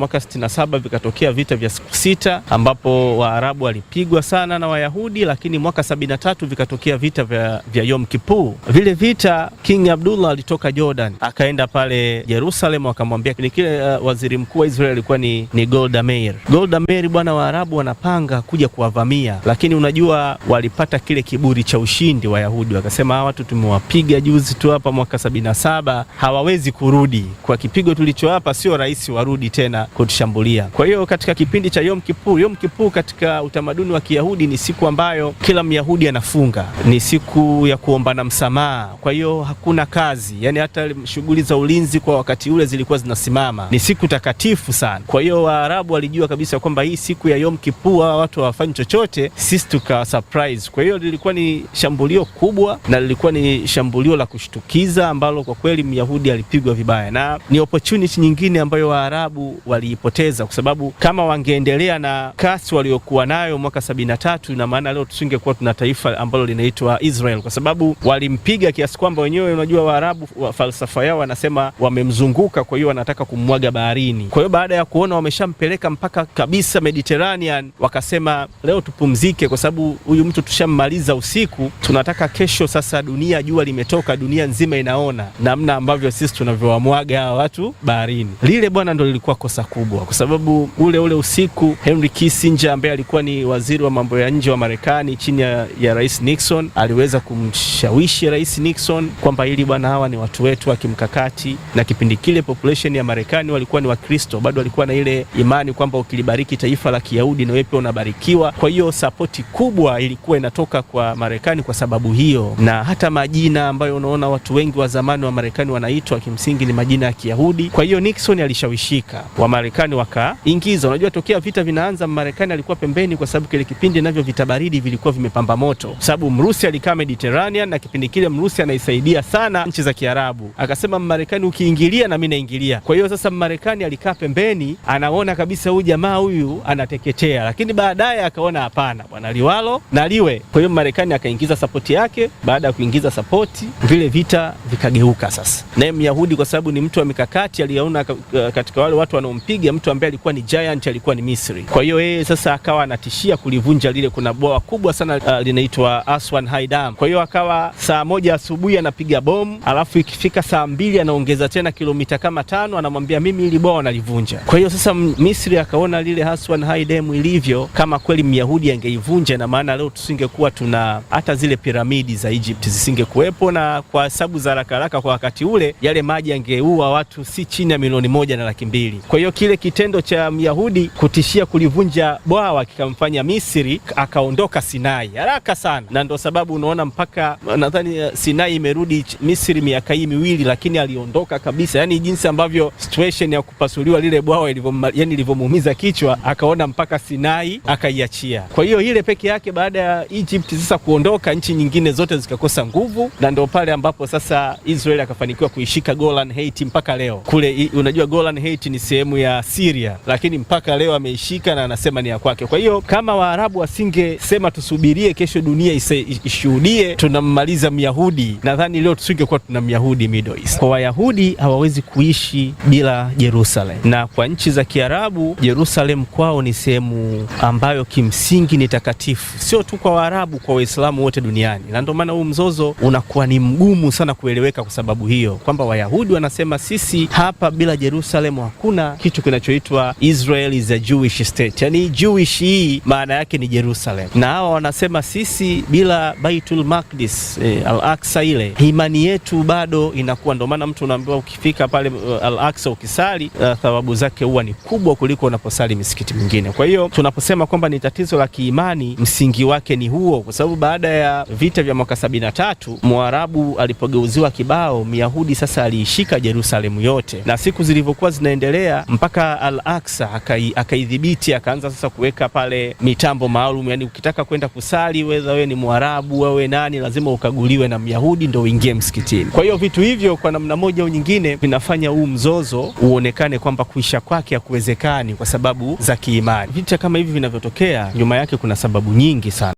Mwaka 67 vikatokea vita vya siku sita ambapo Waarabu walipigwa sana na Wayahudi, lakini mwaka 73 vikatokea vita vya, vya Yom Kippur. Vile vita King Abdullah alitoka Jordan akaenda pale Jerusalem, akamwambia ni kile uh, waziri mkuu wa Israel alikuwa ni, ni Golda Meir. Golda Meir bwana, Waarabu wanapanga kuja kuwavamia, lakini unajua walipata kile kiburi cha ushindi Wayahudi, wakasema hawa watu tumewapiga juzi tu hapa mwaka 77, hawawezi kurudi kwa kipigo tulichowapa, sio rahisi warudi tena kutushambulia. Kwa hiyo katika kipindi cha Yom Kippur, Yom Kippur katika utamaduni wa Kiyahudi ni siku ambayo kila Myahudi anafunga, ni siku ya kuombana msamaha. Kwa hiyo hakuna kazi, yani hata shughuli za ulinzi kwa wakati ule zilikuwa zinasimama. Ni siku takatifu sana. Kwa hiyo Waarabu walijua kabisa kwamba hii siku ya Yom Kippur watu hawafanyi chochote, sisi tukawa surprise. Kwa hiyo lilikuwa ni shambulio kubwa na lilikuwa ni shambulio la kushtukiza ambalo kwa kweli Myahudi alipigwa vibaya, na ni opportunity nyingine ambayo Waarabu wa waliipoteza, kwa sababu kama wangeendelea na kasi waliokuwa nayo mwaka sabini na tatu, na maana leo tusingekuwa tuna taifa ambalo linaitwa Israel, kwa sababu walimpiga kiasi kwamba wenyewe, unajua Waarabu wa falsafa yao wanasema wamemzunguka, kwa hiyo wanataka kummwaga baharini. Kwa hiyo baada ya kuona wameshampeleka mpaka kabisa Mediterranean, wakasema leo tupumzike, kwa sababu huyu mtu tushammaliza usiku, tunataka kesho sasa dunia, jua limetoka, dunia nzima inaona namna ambavyo sisi tunavyowamwaga hawa watu baharini. Lile bwana ndo lilikuwa kosa kubwa, kwa sababu ule ule usiku Henry Kissinger ambaye alikuwa ni waziri wa mambo ya nje wa Marekani chini ya, ya Rais Nixon aliweza kumshawishi Rais Nixon kwamba ili bwana, hawa ni watu wetu wa kimkakati, na kipindi kile population ya Marekani walikuwa ni Wakristo, bado walikuwa na ile imani kwamba ukilibariki taifa la Kiyahudi na wewe pia unabarikiwa. Kwa hiyo sapoti kubwa ilikuwa inatoka kwa Marekani kwa sababu hiyo, na hata majina ambayo unaona watu wengi wa zamani wa Marekani wanaitwa kimsingi ni majina ya Kiyahudi. Kwa hiyo Nixon alishawishika wa Marekani wakaingiza. Unajua, tokea vita vinaanza, Marekani alikuwa pembeni, kwa sababu kile kipindi navyo vita baridi vilikuwa vimepamba moto, sababu Mrusi alikaa Mediterranean na kipindi kile Mrusi anaisaidia sana nchi za Kiarabu, akasema Marekani ukiingilia na mimi naingilia. Kwa hiyo sasa Marekani alikaa pembeni, anaona kabisa huyu jamaa huyu anateketea, lakini baadaye akaona hapana, bwana liwalo na liwe. Kwa hiyo Marekani akaingiza sapoti yake. Baada ya kuingiza sapoti, vile vita vikageuka sasa, naye Myahudi kwa sababu ni mtu wa mikakati, aliona katika wale watu wanaom kumpiga mtu ambaye alikuwa ni giant, alikuwa ni Misri. Kwa hiyo yeye sasa akawa anatishia kulivunja lile, kuna bwawa kubwa sana uh, linaitwa Aswan High Dam. Kwa hiyo akawa saa moja asubuhi anapiga bomu, alafu ikifika saa mbili anaongeza tena kilomita kama tano, anamwambia mimi hili bwawa nalivunja. Kwa hiyo sasa Misri akaona lile Aswan High Dam ilivyo, kama kweli Myahudi angeivunja, na maana leo tusingekuwa tuna hata zile piramidi za Egypt zisingekuwepo, na kwa hesabu za haraka haraka kwa wakati ule yale maji yangeua watu si chini ya milioni moja na laki mbili. Kwa hiyo kile kitendo cha Myahudi kutishia kulivunja bwawa kikamfanya Misri akaondoka Sinai haraka sana, na ndo sababu unaona mpaka nadhani eh, Sinai imerudi Misri miaka hii miwili, lakini aliondoka kabisa. Yani jinsi ambavyo situation ya kupasuliwa lile bwawa yani ilivyomuumiza kichwa, akaona mpaka Sinai akaiachia. Kwa hiyo ile peke yake, baada ya Egypt sasa kuondoka, nchi nyingine zote zikakosa nguvu, na ndo pale ambapo sasa israel akafanikiwa kuishika Golan Heights mpaka leo kule. Unajua Golan Heights ni sehemu ya ya Syria, lakini mpaka leo ameishika na anasema ni ya kwake. Kwa hiyo kama Waarabu wasingesema tusubirie kesho dunia ishuhudie tunammaliza Myahudi, nadhani leo tusingekuwa tuna Myahudi Middle East. Kwa Wayahudi hawawezi kuishi bila Jerusalem, na kwa nchi za Kiarabu Jerusalem kwao ni sehemu ambayo kimsingi ni takatifu, sio tu kwa Waarabu, kwa Waislamu wote duniani, na ndio maana huu mzozo unakuwa ni mgumu sana kueleweka kwa sababu hiyo, kwamba Wayahudi wanasema sisi hapa bila Jerusalem hakuna kitu kitu kinachoitwa Israel is a Jewish state, yani Jewish hii maana yake ni Jerusalem, na hawa wanasema sisi bila Baitul Maqdis eh, Al aqsa ile imani yetu bado inakuwa. Ndio maana mtu unaambiwa ukifika pale eh, Al Aksa ukisali uh, thawabu zake huwa ni kubwa kuliko unaposali misikiti mingine. Kwa hiyo tunaposema kwamba ni tatizo la kiimani, msingi wake ni huo, kwa sababu baada ya vita vya mwaka tatu Mwarabu alipogeuziwa kibao, Myahudi sasa aliishika Jerusalemu yote, na siku zilivyokuwa zinaendelea mpaka Al Aksa akaidhibiti, akaanza sasa kuweka pale mitambo maalum, yani ukitaka kwenda kusali, weza wewe ni Mwarabu, wewe nani, lazima ukaguliwe na Myahudi ndo uingie msikitini. Kwa hiyo vitu hivyo kwa namna moja au nyingine vinafanya huu mzozo uonekane kwamba kuisha kwake hakuwezekani kwa sababu za kiimani. Vita kama hivi vinavyotokea, nyuma yake kuna sababu nyingi sana.